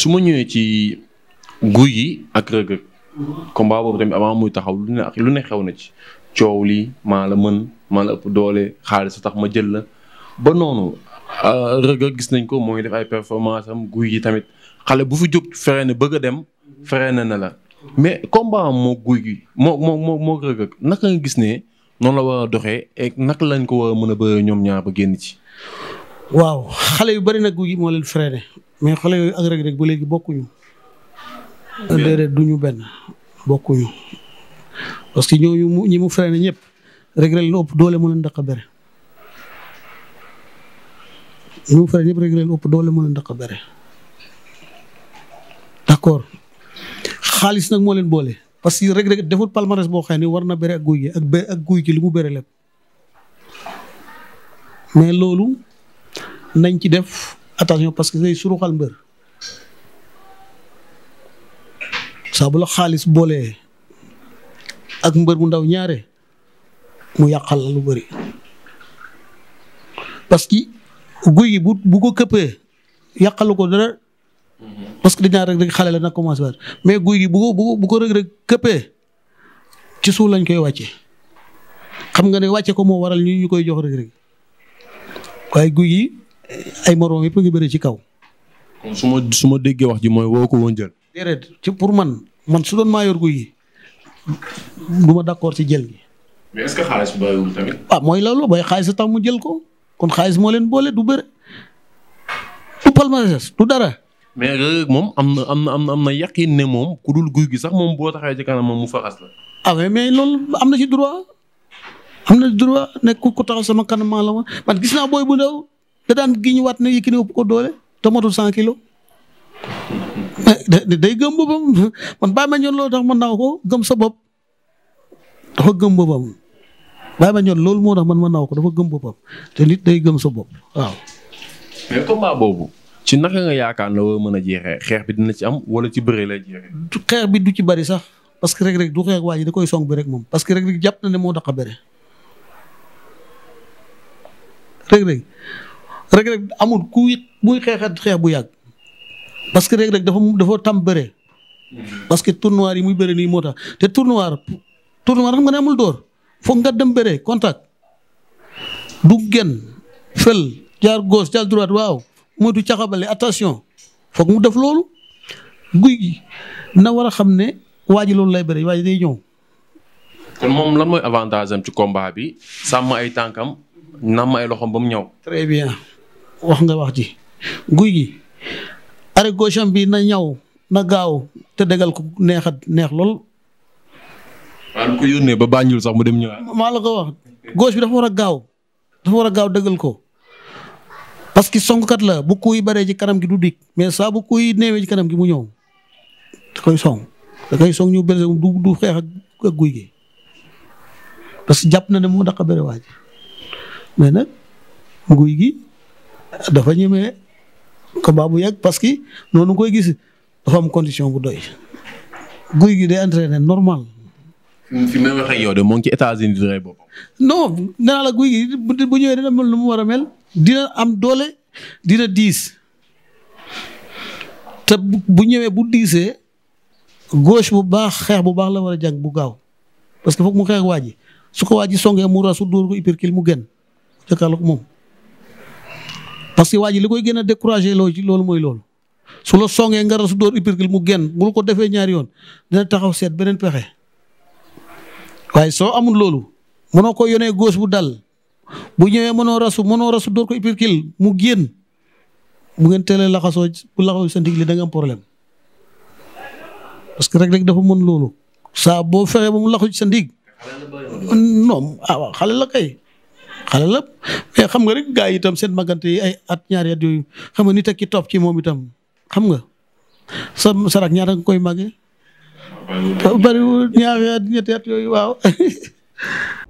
su ma ñëwee ci guy gi ak Reug Reug combat boobu tamit avant muy taxaw lu ne lu ne xew na ci coow lii maa la mën maa la ëpp doole xaalis a tax ma jël la ba noonu euh, Reug Reug gis nañ ko moo def ay performance am guy gi tamit xale bu fi jóg feree na bëgg dem feree na na la mais combat am guy gi moo moo moo moo Reug gis ne noonu la war a doxee et naka lañ ko war a mën a bëree ñoom ñaar ba génn ci. waaw xale yu bari nag guy gi moo leen freiné mais xole yooyu ak Reug Reug ba léegi bokkuñu. déedéet ñu benn bokkuñu. parce que ñooñu mu ñi mu freiné ñëpp Reug Reug ëpp doole mu leen daq bere. ñi mu freiné ñëpp Reug Reug leen ëpp doole mu leen daq bere. d'accord xaalis nag moo leen boole parce que Reug Reug defut palmarès boo xam ne war na bere ak guy gi ak be ak guy gi li mu bere lépp mais loolu nañ ci def. attention parce que day suruxal mbër saa bu la xaalis boolee ak mbër mu ndaw ñaare mu yàqal lu bëri parce que guy gi bu bu ko këppee yàqalu ko dara parce que dañaa rek rek xale la nag commencé waat mais guy gi bu ko bu ko rek rek këppee ci suuf lañ koy wàcce xam nga ne wàcce ko moo waral ñu ñu koy jox rek rek waaye guy gi ay moroom yëpp a ngi bëri ci kaw. kon su ma su ma déggee wax ji mooy woo ko woon jël. déedéet ci pour man man su doon maa yor guy yi du ma d'accord ci jël gi. mais est-ce que xaalis tamit. Ah, mooy loolu bay xaalis tax mu jël ko kon xaalis moo leen boole du bëri du dara. mais moom am na am na am na am na ne moom ku dul guy gi sax moom boo taxawee ci kanam moom mu faxas la. ah mais loolu am na ci droit am na droit ne ku ko sama kanam la ma man gis naa booy bu ndaw da daan giñ waat ne Yékini ëpp ko doole te matul cent kilos eh, day gëm boppam man bàyyi ma ñoon loolu ko gëm sa bopp dafa gëm boppam ma ñoon loolu moo tax man ma naw ko dafa gëm boppam te nit day gëm sa bopp waaw. mais combat boobu ci naka nga yaakaar la war mën a jeexee xeex bi dina ci am wala ci bëree lay jeexee. xeex bi du ci bari sax parce que Reug rek du xeex waa ji da koy song bi rek moom parce que Reug Reug jàpp na ne moo tax a bëre Reug Reug Reug amul ku it muy xeexat xeex bu yàgg parce que Reug Reug dafa dafa tam bëre. parce que tournoi yi muy bëre nii moo tax te tournoi tournoi xam nga ne amul dóor foog nga dem bëre contact du gen fël jaar gauche jaar droite waaw mooy du caxabale attention foog mu def loolu guy gi na war a xam ne waa loolu lay bëre waa ji day ñëw. moom lan mooy avantage am ci combat bi sàmm ay tànkam namm ay loxom ba mu ñëw. bien. wax nga wax ji guy gi arrêt gauche bi na ñaw na gaaw te degal ko neexat neex lool. waaw ko yónnee ba Banjul sax mu dem ñëwaat. maa la ko wax gauche bi dafa war a gaaw dafa war a gaaw dëggal ko parce que songkat la bu kuy baree ci kanam gi du dikk mais saa bu kuy néewee ci kanam gi mu ñëw da koy song da koy song ñu bëri du xeex ak guy gi parce que jàpp na ne moo daq a bëri waaj mais nag guy gi. dafa ñemee combat bu yàgg parce que noonu koy gis dafa am condition bu doy guy gi day entraîné normal. fi may de moo ci États-Unis di rey naa la guy gi bu ñëwee dina mel lu mu war a mel dina am doole dina diis te bu ñëwee bu diisee gauche bu baax xeex bu baax la war a jàng bu gaaw parce que foog mu xeex waa ji su ko waa ji songee mu rasu dóor ko hypercule mu génn jàkkaarloog moom. parce que waa ji li koy gën a découragé loo ci loolu mooy loolu su la songee nga rasu dóor uppercut mu génn bul ko defee ñaari yoon taxaw seet beneen pexe waaye soo amul loolu mënoo ko yonee góos bu dal bu ñëwee mënoo rasu mënoo rasu dóor ko uppercut mu génn mu ngeen teelee laxasoo bu laxasoo sa ndigli da nga am problème parce que rek rek dafa mën loolu saa boo fexee ba mu laxu sa ndig non ah xale la kay xale lépp mais xam nga rek gaa yi itam seen magante yi ay at ñaari at yooyu xam nga nit ak ki topp ci moom itam xam nga sa sarak ñaata nga koy mag bariwul ñaari at ñetti at yooyu waaw.